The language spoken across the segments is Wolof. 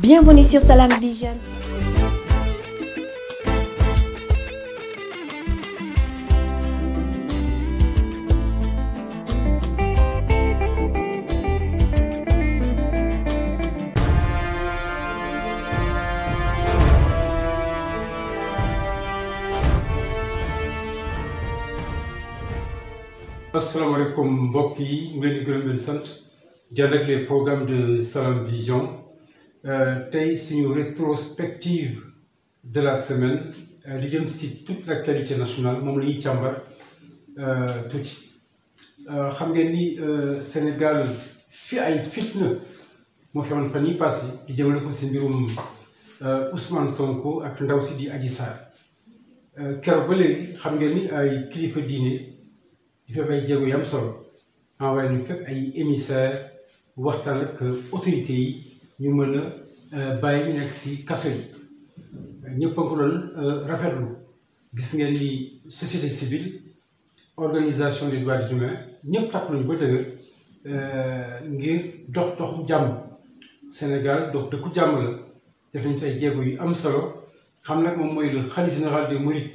Bienvenue sur Salam Vision. asalaamaaleykum mbokk yi ñu leen di gërëm leen sant jàll ak les programmes de Salam Vision. Euh, tey suñu rétrospective de la semaine euh, li jëm si toute l'actualité nationale moom la ñuy càmbar euh, tuuti xam ngeen ni Sénégal fi ay fitna moo fi amoon fan yii passé di jëmale ko si mbirum Ousmane Sonko ak ndaw si di Adji Sarr keroog ba xam ngeen ni ay kilifa diine di fekk ay jéego yam solo envoyé ñu fekk ay émissaires waxtaan ak autorités yi. ñu mën a euh, bàyyi ñu nekk si kaso yi ñëpp a ko doon euh, rafetlu gis ngeen ni société civile organisation des droits humains ñëpp takku nañu ba dëgër euh, ngir dox doxu jàmm Sénégal dox dëkku jàmm la def nañu ci ay jéego yu am solo xam nag moom mooy lu khalife général des mourides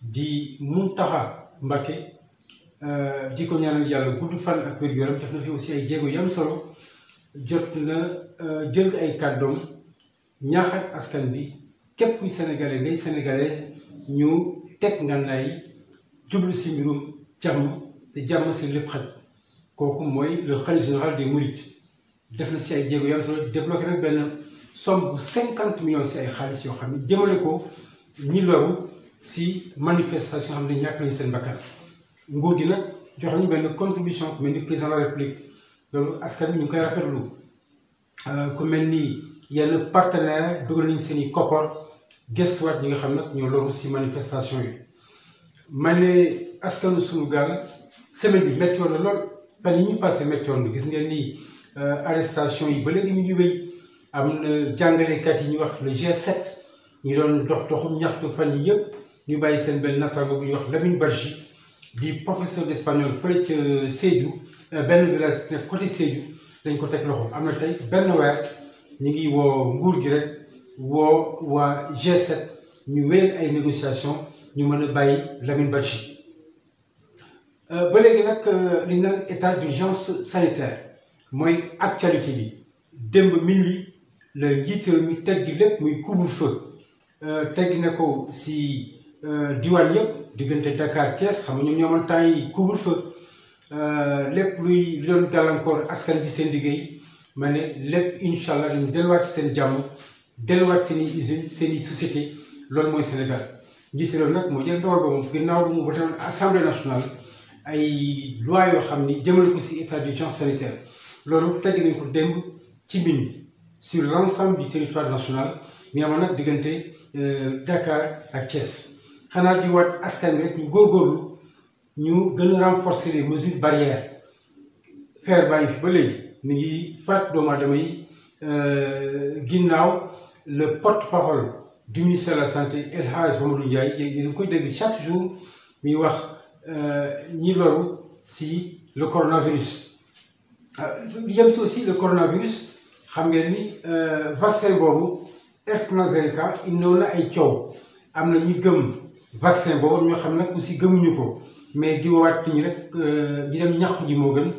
di Mountakha Mbacké di ko ñaanal yàlla gudd fan ak wér-gu-yaram def na fi aussi ay jéego yu am solo. jot na euh, jël ay kàddoom ñaax ak askan bi képp kuy sénégalais ngay sénégalaise ñu teg ngànnaay jublu si mbirum jàmm te jàmm si lépp xaj kooku mooy le khalife général des mourides def na si ay jéego yu am solo débloqué nag benn somme bu cinquante millions si ay xaalis yoo xam ne jëmale ko ñi loru si manifestation xam ne ñàkk nañu seen bakkan nguur gi nag joxe ñu benn contribution mel ni président la république loolu askan bi ñu ngi koy rafetlu euh, ku mel ni yenn partenaire dugal nañu seen i koppar gëstuwaat ñi nga xam nag ñoo loru si manifestation yi man ne askanu suñu gaal semaine bi méttoon na lool fan yi ñu passé méttoon na gis ngeen ni euh, arrestation yi ba léegi ñu ngi wéy am na jàngalekat yi ñuy wax le G7 ñu doon dox doxum ñaxtu fan yi yëpp ñu bàyyi seen benn nattaango bu ñuy wax Lamine Barchi di professeur d'espagnol fële ca euh, Sédhiou Euh, benn village nekk côté Sédhiou dañ ko teg loxo am na tey benn weer ñu ngi woo nguur gi rek woo waa g ñu wéyal ay négociations ñu mën a bàyyi Lamine Badji euh, ba léegi nag euh, li ñu naan état d'urgence sanitaire mooy actualité bi démb minuit la njiit mi teggi lépp muy couvre-feu teggi ne ko si diwaan yëpp diggante dakaar Thiès xam nga ñoom ñoo mën yi couvre Euh, lépp luy lu doon gàllankoor askan bi seen liggéey ma ne lépp incha allah dañu delluwaat seen jàmm delluwaat seen i seen société loolu mooy Sénégal njiitu réew nag moo jël dogal ba moom ginnaaw bi ay loi yoo xam ni jëmale ko ci état loolu teg nañ ko démb ci mbir mi sur l' ensemble du territoire national mi nag diggante euh, Dakar ak Thiès xanaa di waat askan bi rek ñu góorgóorlu ñu gën a renforcer les mesures barrières feer baa ngi fi ba léegi mi ngi faat doomu aadama euh, ginnaaw le porte-parole du ministère la santé El Hadj Mamadou Ndiaye yéen koy dégg chaque jour muy wax euh, ñi loru si le coronavirus. Euh, yem si aussi le coronavirus xam ngeen ni vaccin boobu AstraZeneca indoon na ay coow am na ñi gëm vaccin boobu ñoo xam nag aussi gëmuñu ko. mais jiwaat ñu rek euh, di dem ñax ji moo gën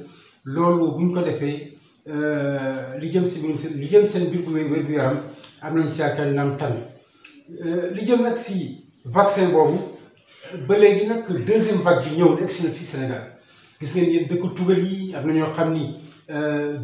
loolu buñ ko defee euh, li jëm si li jëm seen biir wér gu yaram am nañu si yaakaar naam euh, li jëm nag si vaccin boobu ba léegi nag deuxième vague bi ñëw na egsi na fii Sénégal gis ngeen yéen dëkk tugal yi am na ñoo xam ni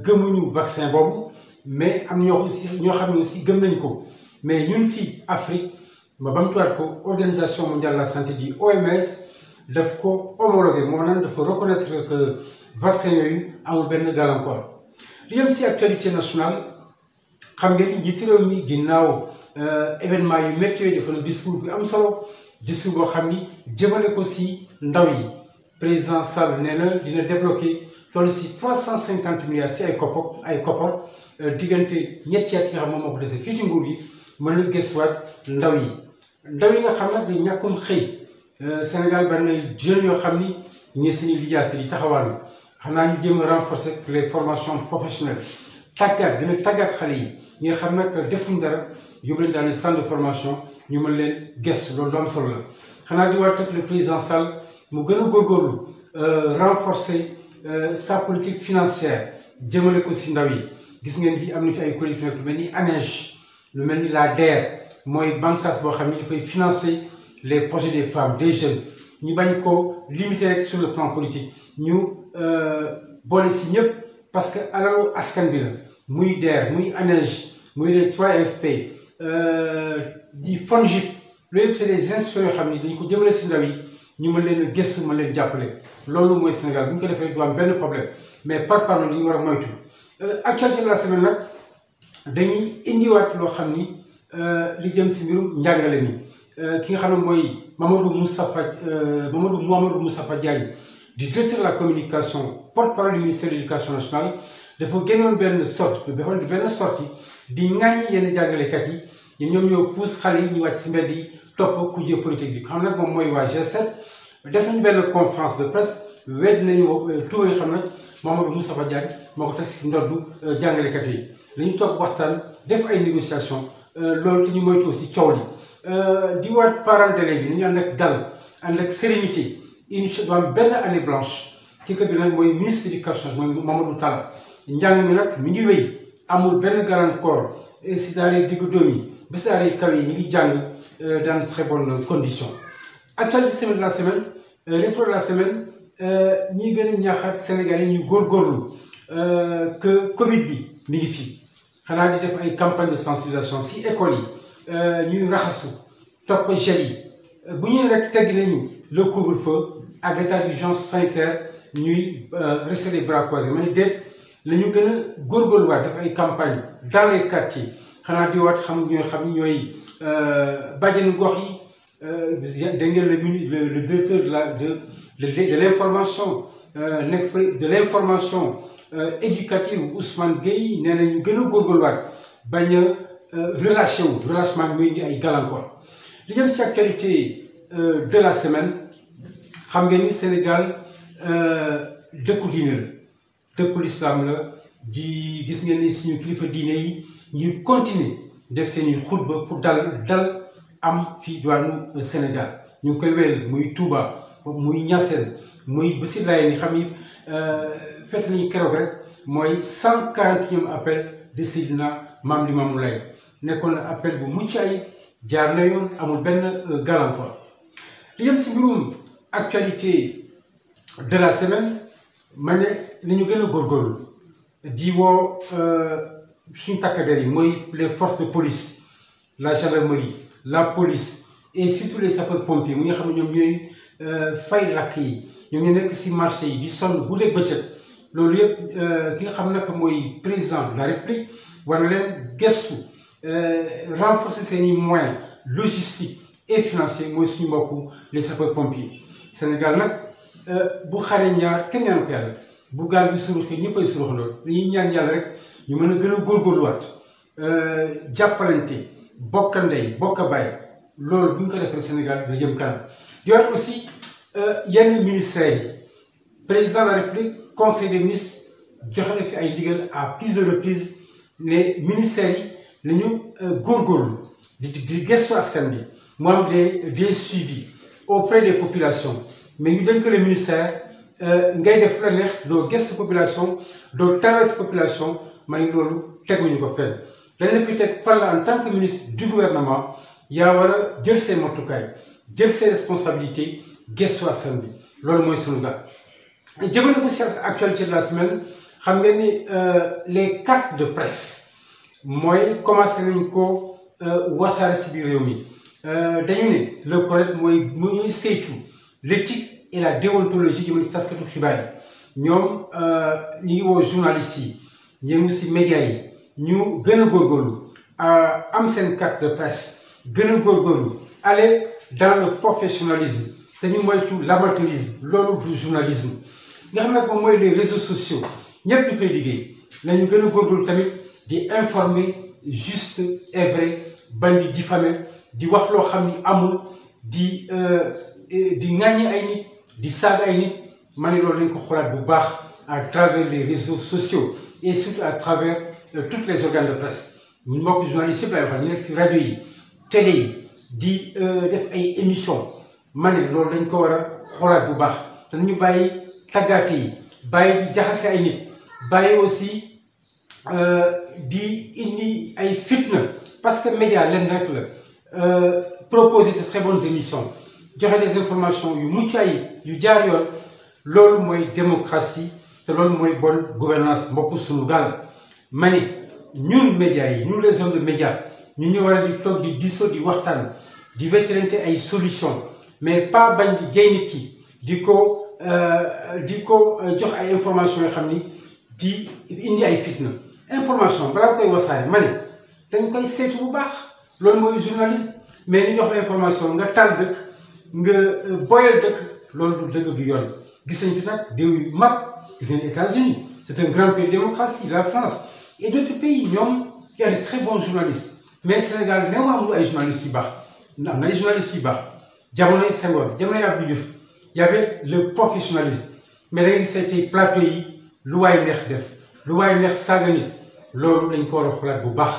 gëmuñu vaccin boobu mais am ñoo ñoo xam ne aussi gëm nañ ko mais ñun fii Afrique ma bamtuwaat ko organisation mondiale de la santé di OMS. daf ko homologué moo naan dafa reconnaître que vaccin yooyu amul benn gàllankoor li yem si actualité nationale xam nga ni njiitu réew mi ginnaaw euh, événement yu métti yooyu dafa na discours bi am solo discours boo xam ni jëmale ko si ndaw yi président Sall nee na dina débloqué toll si trois cent cinquante milliards si ay koppar ay koppar euh, diggante ñetti at moom moo ko dese fii ci nguur gi mën na gëstuwaat ndaw yi ndaw yi nga xam nag ñàkkum xëy. Euh, Sénégal bari na jeunes yoo xam ni ñii seen i lijaasa yi taxawaalu xam xanaa ñu jéem a renforcer les formations professionnelles tàggat gën a tàggat xale yi ñi xam nag defuñ dara yóbbu leen dans les de formation ñu mën leen gëstu loolu lu solo la. xanaa di war le président Sall mu gën a góorgóorlu euh, renforcer euh, sa politique financière jëmale ko si ndaw yi gis ngeen fi am na fi ay kuréel yu fi nekk lu mel ni ANEJ lu mel ni laa DER mooy bànqaas boo xam ni dafay les projet des femmes des jeunes ñu bañ koo limiter rek sur le plan politique ñu euh, boole si ñëpp parce que alalu askan bi la muy DER muy ANEJ muy les 3FP euh, di FONGIP loolu yëpp c'est des institutions yoo xam ni dañ ko jëmale si ndaw yi ñu ma leen a gëstu mën leen jàppale loolu mooy Sénégal bu ñu ko defee du benn problème mais par parlo li ñu war a moytu euh, actualité de la semaine nag dañuy indiwaat loo xam ni li jëm si mbirum njàngale nii ki nga xam ne mooy Mamadou Moustapha euh, Mamadou Mouhamadou Moustapha Diagne di directeur de la communication porte-parole du ministère de l'éducation nationale dafa génnoon benn sortie dafa benn sortie di ŋàññi yenn jàngalekat yi ñoom ñoo pousse xale yi ñu wàcc si mbedd yi topp kuje politique bi xam nag moom mooy waa G7 def nañu benn conférence de presse wedd nañu euh, tuur yi xam nag Mamadou Moustapha Diagne moo ko teg si ndoddu euh, jàngalekat yi dañu toog waxtaan def ay négociation loolu te ñu moytu aussi coow li Euh, di waat parents d'élèves yi nañu ànd ak dal ànd ak sérénité incha allah benn année blanche ki ko bi nag mooy ministre de l'éducation mooy Mamadou Talla njàng mi nag mi ngi wéy amul benn gàllankoor si daal diggu doom yi ba si daal kaw yi ñu ngi jàng euh, dans de très bonnes conditions. actualité semaine la semaine euh, rétro de la semaine ñi gën a ñaaxaat Sénégalais ñu góorgóorlu que Covid bi mi ngi fi xanaa di def ay campagne de sensibilisation si école yi. Euh, ñuy raxasu topp gel yi bu ñuy rek tegg nañu le couvre-feu ak l'état d'urgence sanitaire ñuy euh, rester les bras croisés ma ne déet la ñu gën a góorgóorluwaat def ay campagne dans les quartiers xanaa di waat xam ñooy xam ni ñooy euh, bàjjenu gox yi da ngeen le mini le directeur de la de de l'information nekk de l'information éducative Ousmane Gueye nee na ñu gën a góorgóorluwaat bañ a Euh, relâché wu relâchement muy indi ay gàllankoor li jëm si actualité euh, de la semaine xam nga ni Sénégal euh, dëkku diine la dëkku lislaam la di gis nga ni suñu kilifa diine yi ñuy continuer def seeni xutba pour dal dal am fii diwaanu Sénégal ñu ngi koy wéyal muy Touba muy Niassène muy ba si laay ni xam ni fête lañu keroog mooy cent quarantième appel de Seydina Maam Limaamu Laay nekkoon na appel bu ci ay jaar na yoon amul benn euh, gàllankoor li yem si mbirum actualité de la semaine ma ne ni ñu gën a góorgóorlu di woo euh, suñ takk der yi mooy les forces de police la gendarmerie la police et surtout les sapeurs pompiers mu nga xam ne ñoom ñooy euh, fay lakk yi ñoom ñu nekk si marché yi di sonn guddeeg bëccëg loolu yëpp ki nga xam nag mooy président de la république war leen gestu Euh, renforcer seen i moyens logistique et financier mooy suñu mbokku les sapeurs pompiers Sénégal nag euh, bu xaree ñaar kenn ñaanu ko yàlla bu gaal bi suruxee ñëpp ay surux lool dañuy ñaan yàlla rek ñu mën a gën a góorgóorluwaat euh, jàppalante bokk ndey bokk bàyyi loolu bu ñu ko defee Sénégal da jëm kanam di wax aussi yenn ministères yi président la République conseil des ministres joxe na fi ay digal à plusieurs reprises ne ministères yi. li ñu euh, góorgóorlu di di gëstu askan bi mu am des des suivis auprès des populations mais ngi dénk le ministère euh, ngay def la neex doo gëstu population doo tawees population man loolu teguñu ko fenn dañ la fi teg fan la gouvernement yaa war a jël say matukaay jël say responsabilités gëstu askan bi loolu mooy sunu gàtt jëmale ko si actualité de la semaine xam nga ni euh, les cartes de presse mooy commencé nañ ko euh, wasaare si biir réew mi euh, dañu ne le CORED mooy mu ñuy saytu l'éthique et la déontologie jëmale taskatu xibaar yi ñoom euh, ñu ngi woo journalistes yi yëngu si média yi ñu gën a góorgóorlu am seen carte de presse gën a góorgóorlu ale dans le professionnalisme te ñu moytu l'amateurisme loolu du journalisme nga xam ne moom mooy les réseaux sociaux ñëpp ñu liggéey nañu gën a góorgóorlu tamit. di informer juste et vrai bañ di diffamer di wax loo xam ni amul di euh, di ŋàññi ay nit di saaga ay nit ma ne loolu lañ ko xoolaat bu baax à travers les réseaux sociaux et surtout a travers euh, toutes les organes de presse ñun mbokk journaliste yëpp laay waxal ñu nekk si rajo yi télé yi di euh, def ay émissions ma ne loolu dañ ko war a xoolaat bu baax te nañu bàyyi tàggaate yi bàyyi di jaxase ay nit bàyyi aussi Euh, di indi ay fitna parce que média leen rek la euh, proposer de très bonnes émissions joxe des informations yu mucc ay yu jaar yoon loolu mooy démocratie te loolu mooy bonne gouvernance mbokk suñu gaal ma ne ñun média yi ñun les hommes de média ñu ñu war a di toog di diisoo di waxtaan di weccelante ay solution mais pas bañ di jey nit ki di ko euh, di ko jox ay information yoo xam ni di indi ay fitna information balaa koy wasaare ma ne dañ koy seetu bu baax loolu mooy journaliste mais ñu jox la information nga taal dëkk nga euh, boyal dëkk loolu du dëgg du yoon gis nañ fi nag déw yu mag gis nañ États-Unis c'est un grand ñoom y a des très bons journalistes mais Sénégal néew amul ay journalistes yu baax am na ay journalistes yu baax jamonoy Senghor jamonoy Abdou Diouf y avait le professionnalisme mais da ngay gis tey lu waay neex def lu waay neex saaga loolu lañ ko war bu baax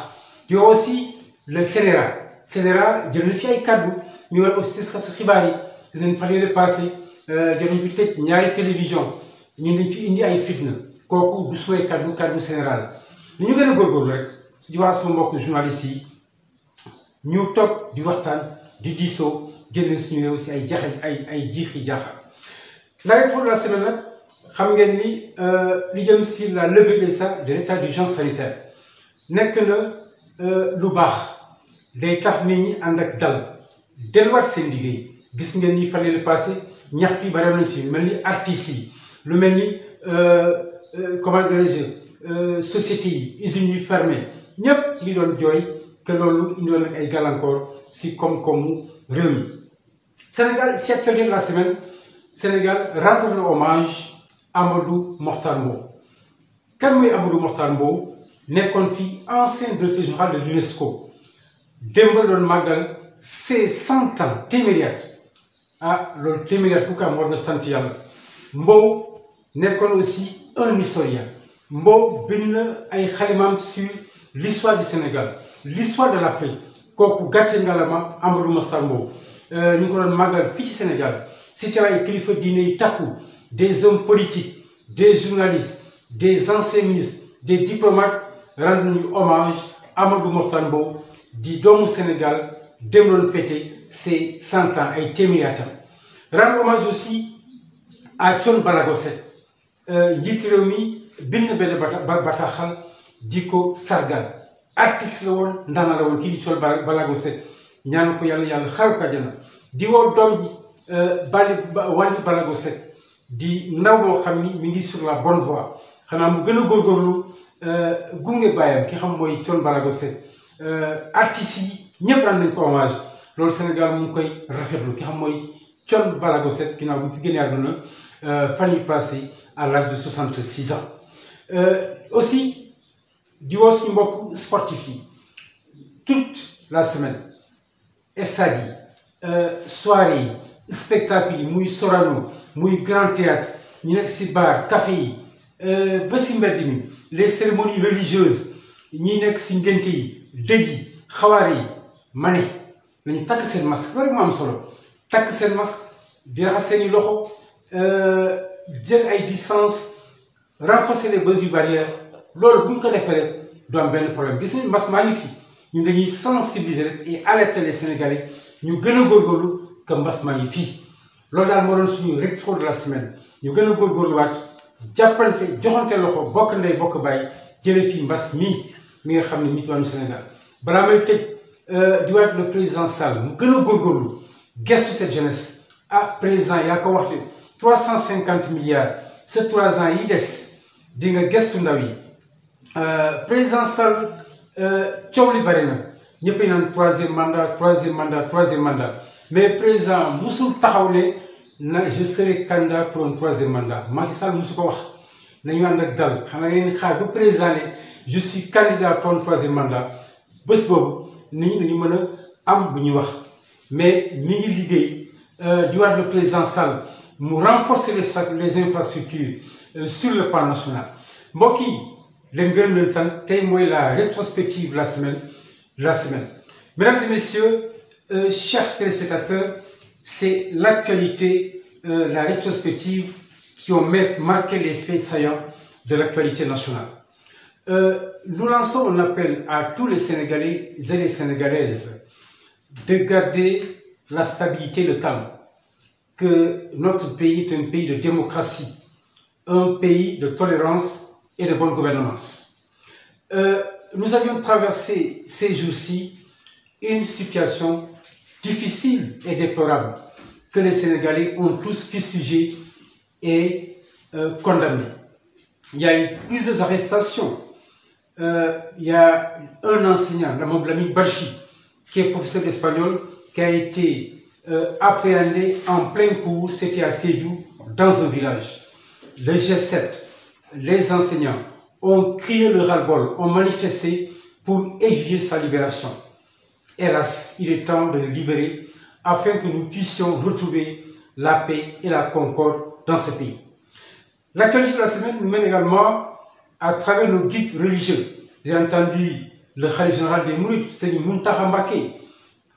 yow aussi le CNRA CNRA jël na fi ay kaddu ñu war aussi taskatu xibaar yi gis nañ fan yële passé euh, jot nañ fi ñaari télévision ñu dañ fi indi ay fitna kooku du sumay kaddu kaddu CNRA la li ñu gën a góorgóorlu rek su jiwaa sama mbokk journaliste yi ñu toog di waxtaan di diisoo génne suñu réew si ay jaxal ay ay jiixi jaaxal la rek pour la semaine nag xam ngeen ni euh, li jëm si la levée des sa de l'état d'urgence sanitaire nekk na euh, lu baax day tax nit ñi ànd ak dal delluwaat seen liggéey gis ngeen ni fan yii passé ñax bi bare nañ ci mel ni artistes yi lu mel ni euh, comment dirais-je sociétés yi usines yi fermé ñëpp ngi doon jooy que loolu indiwoon nañ ay gàllankoor si koom-koomu réew mi Sénégal cette période la semaine Sénégal rendre na Amadou Mokhtar Mbow kan mooy Amadou Mokhtar Mbow nekkoon fii ancien directeur général de l'UNESCO démb la doon màggal c'est cent ans ah loolu téeméeri at bu ko sant yàlla Mbow nekkoon aussi un historien Mbow bind na ay xalimaam sur l'histoire du Sénégal l'histoire de l'Afrique kooku gàcce ngalama Amadou Mokhtar Mbow euh, ñu ngi ko doon màggal fii ci Sénégal si teewaay kilifa diine yi takku des hommes politiques des journalistes des anciens ministres des diplomates rend nañu hommage Amadou Mahtar Mbow di doomu Sénégal dem doon fêter ses cent ay téeméeri atam rend hommage aussi à Thione Ballago Seck euh, njiitu réew mi bind benn bataaxal di ko sargal artiste la woon ndaanaan la woon kii di Thione Ballago Seck ñaan ko yàlla yàlla xaru ko àjjana di woo doom ji euh, Wally Ballago Seck di ndaw loo xam ni mi ngi sur la bonne voie xanaa mu gën a góorgóorlu euh, gunge baayam ki xam mooy Thione Ballago Seck euh, artistes yi ñëpp am nañ ko hommage loolu Sénégal mu koy rafetlu ki xam mooy Thione Ballago Seck ginnaaw bi mu fi génnee àdduna euh, fan yi passé à l'âge de 66 ans aussi di woo suñu mbokk sportif yi la semaine stade yi soirée yi spectacle yi muy Sorano muy grand théâtre ñu nekk si bar café yi euh, ba si mbedd mi les cérémonies religieuses ñi nekk si ngénte yi dëj yi xawaar yi ma ne nañu takk seen masque loolu rek moo am solo takk seen masque di raxas seeni loxo euh, jël ay distance renforcer les mesures barrières loolu bu ñu ko defee rek du am benn problème gis nañu mas maa ngi fi ñun dañuy sensibiliser rek et alerter les Sénégalais ñu gën a góorgóorlu que mbas fii loolu daal moo doon suñu recto de la semaine ñu gën a góorgóorluwaat jàppante joxante loxo bokk ndey bokk bàyyi jële fii mbas mii mi nga xam ne mi ci wàllu Sénégal balaa may tëj euh, di waat le président Sall mu gën a góorgóorlu gestu cette jeunesse ah président yaa ko wax trois cent cinquante milliards ces trois ans yi des di nga gestu ndaw yi euh, président Sall euh, coow li bari na ñëpp naan troisième mandat troisième mandat troisième mandat mais président musul taxaw le na je serai candidat pour un man mandat Macky Sall musu ko wax nañu ànd ak dal xanaa ngeen xaar ba président ne je suis candidat pour un troisième mandat bés boobu nit ñi dañu mën a am bu ñuy wax mais mi ngi liggéey euh, du waat le président Sall mu renforcer les les infrastructures euh, sur le plan national mbokk yi leen gërëm leen sant tey mooy la rétrospective la semaine de la semaine mesdames et messieurs Euh, chers téléspectateurs, c'est l'actualité, euh, la rétrospective qui ont marqué les faits de l'actualité nationale. Euh, nous lançons un appel à tous les Sénégalais et les Sénégalaises de garder la stabilité, le que notre pays est un pays de démocratie, un pays de tolérance et de bonne gouvernance. Euh, nous avions traversé ces jours-ci une situation difficile et déplorable que les Sénégalais ont tous fustigé et euh, Il y a eu plusieurs arrestations. Euh, il y a un enseignant, Lamoblamik Bachi, qui est professeur d'espagnol, qui a été euh, appréhendé en plein cours, c'était à Sédou, dans un village. Le G7, les enseignants ont crié le ras ont manifesté pour exiger sa libération. Hélas, il est temps de le libérer afin que nous puissions retrouver la paix et la concorde dans ce pays. L'actualité de la semaine nous mène également à travers nos guides religieux. J'ai entendu le Khalif général des Mourides, Seigneur Muntaha Mbake,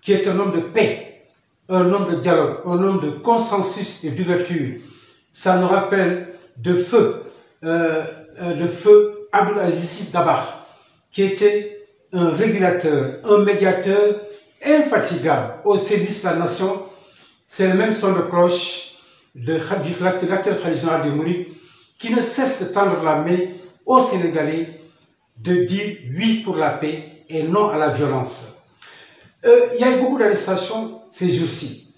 qui est un homme de paix, un homme de dialogue, un homme de consensus et d'ouverture. Ça nous rappelle de feu, euh, euh le feu qui était un régulateur, un médiateur infatigable au service de la nation. C'est le même son de cloche de, du l'acteur Khalid de Moury qui ne cesse de tendre la main aux Sénégalais de dire oui pour la paix et non à la violence. Euh, il y a eu beaucoup d'arrestations ces jours-ci.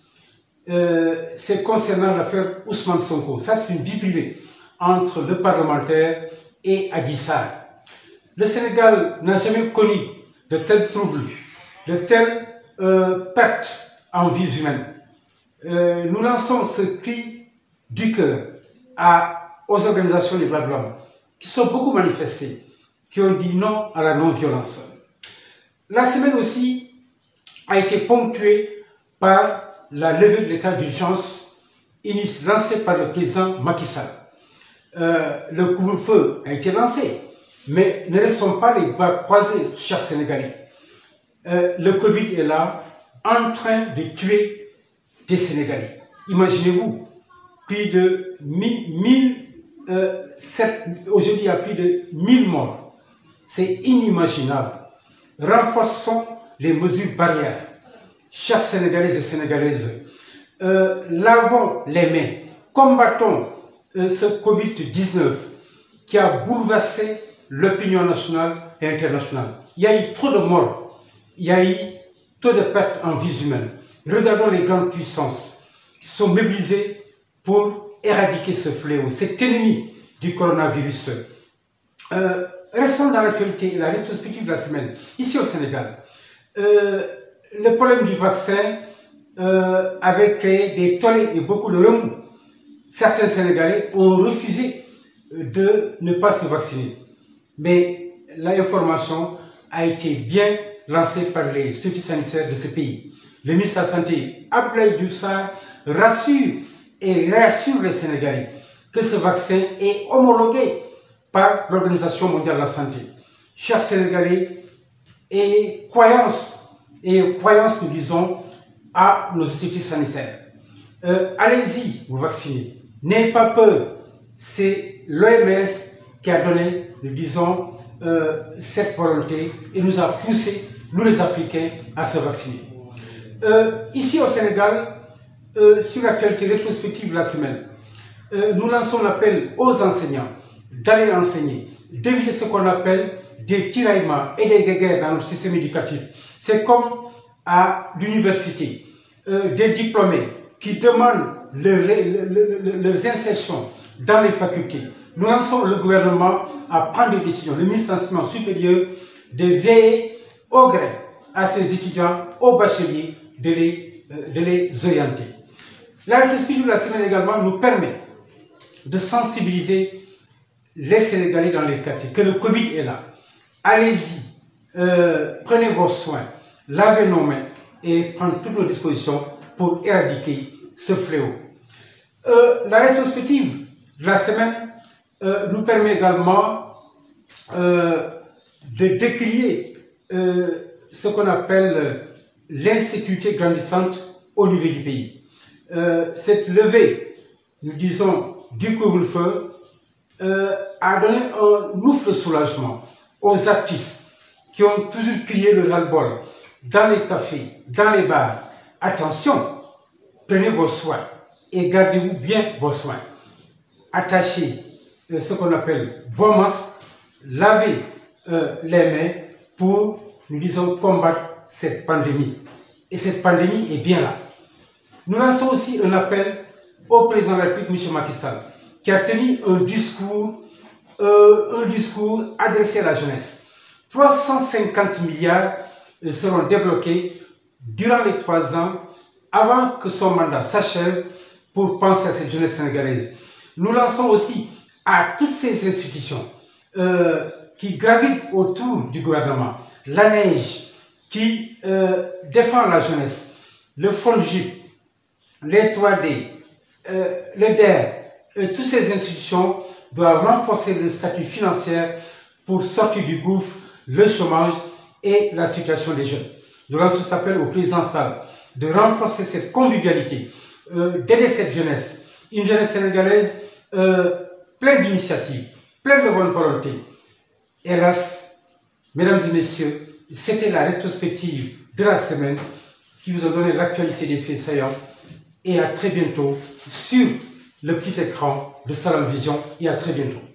Euh, c'est concernant l'affaire Ousmane Sonko. Ça, c'est une vie entre le parlementaire et Adissar. Le Sénégal n'a jamais de tels troubles, de telles euh, pertes en vie humaine. Euh, nous lançons ce cri du cœur aux organisations des droits de qui sont beaucoup manifestées, qui ont dit non à la non-violence. La semaine aussi a été ponctuée par la levée de l'état d'urgence lancée par le président Macky euh, le couvre a été lancé, Mais ne restons pas les bras croisés, chers Sénégalais. Euh, le Covid là, en train de de 1000, euh, aujourd'hui il y de 1000 morts. C'est inimaginable. Renforçons les mesures barrières. Chers Sénégalais et Sénégalaises, euh, lavons les mains, combattons euh, ce covid l'opinion nationale et internationale. Il y a eu trop de morts, il y a eu trop de pertes en vies humaines. Regardons les grandes puissances qui sont mobilisées pour éradiquer ce fléau, cet ennemi du coronavirus. Euh, restons dans l'actualité et la rétrospective de la semaine, ici au Sénégal. Euh, le problème du vaccin euh, avait créé des tollés et beaucoup de remous. Certains Sénégalais ont refusé de ne pas se vacciner. Mais l'information a été bien lancée par les structures sanitaires de ce pays. Le ministre de la Santé, Abdoulaye Doussard, rassure et rassure les Sénégalais que ce vaccin est homologué par l'Organisation mondiale de la santé. Chers Sénégalais, et croyance, et croyance, nous disons, à nos autorités sanitaires. Euh, allez-y, vous vaccinez. N'ayez pas peur. C'est l'OMS qui donné nous disons, euh, cette volonté et nous a poussé, nous les Africains, à se vacciner. Euh, ici au Sénégal, euh, sur l'actualité rétrospective de la semaine, euh, nous lançons l'appel aux enseignants d'aller enseigner, d'éviter ce qu'on appelle des tiraillements et des guerres dans le système éducatif. C'est comme à l'université, euh, des diplômés qui demandent leur, leur, leur, leurs insertions dans les facultés, Nous lançons le gouvernement à prendre des décisions, le ministre de supérieur, de veiller au gré à ses étudiants, aux bacheliers, de les, euh, de les orienter. La rétrospective de la semaine également nous permet de sensibiliser les Sénégalais dans les quartiers, que le Covid est là. Allez-y, euh, prenez vos soins, lavez et prenez toutes nos dispositions pour éradiquer ce fléau. Euh, la rétrospective de la semaine Euh, nous permet également euh, de décrier euh, ce qu'on appelle l'insécurité grandissante au niveau du pays. cette levée, nous disons, du couvre-feu a donné un loufle soulagement aux artistes qui ont toujours crié le ras-le-bol dans les cafés, dans les bars. Attention, prenez vos soins et gardez-vous bien vos soins. Attachez ce qu'on appelle VOMAS, laver euh, les mains pour, nous disons, combattre cette pandémie. Et cette pandémie est bien là. Nous lançons aussi un appel au président de la République, M. Macky Sall, qui a tenu un discours, euh, un adressé à la jeunesse. milliards euh, seront débloqués durant les trois ans avant que son mandat s'achève pour penser à cette jeunesse sénégalaise. Nous lançons aussi à toutes ces institutions euh, qui gravitent autour du gouvernement. La neige qui euh, défend la jeunesse, le FONGIP, les 3D, euh, le DER, et euh, toutes ces institutions doivent renforcer le statut financier pour sortir du gouffre, le chômage et la situation des jeunes. Nous lançons cet appel au président de renforcer cette convivialité, euh, d'aider cette jeunesse, une jeunesse sénégalaise euh, plein d'initiatives, plein de bonne volonté. Hélas, mesdames et messieurs, c'était la rétrospective de la semaine qui vous a donné l'actualité des faits saillants. Et à très bientôt sur le petit écran de Salam Vision. Et à très bientôt.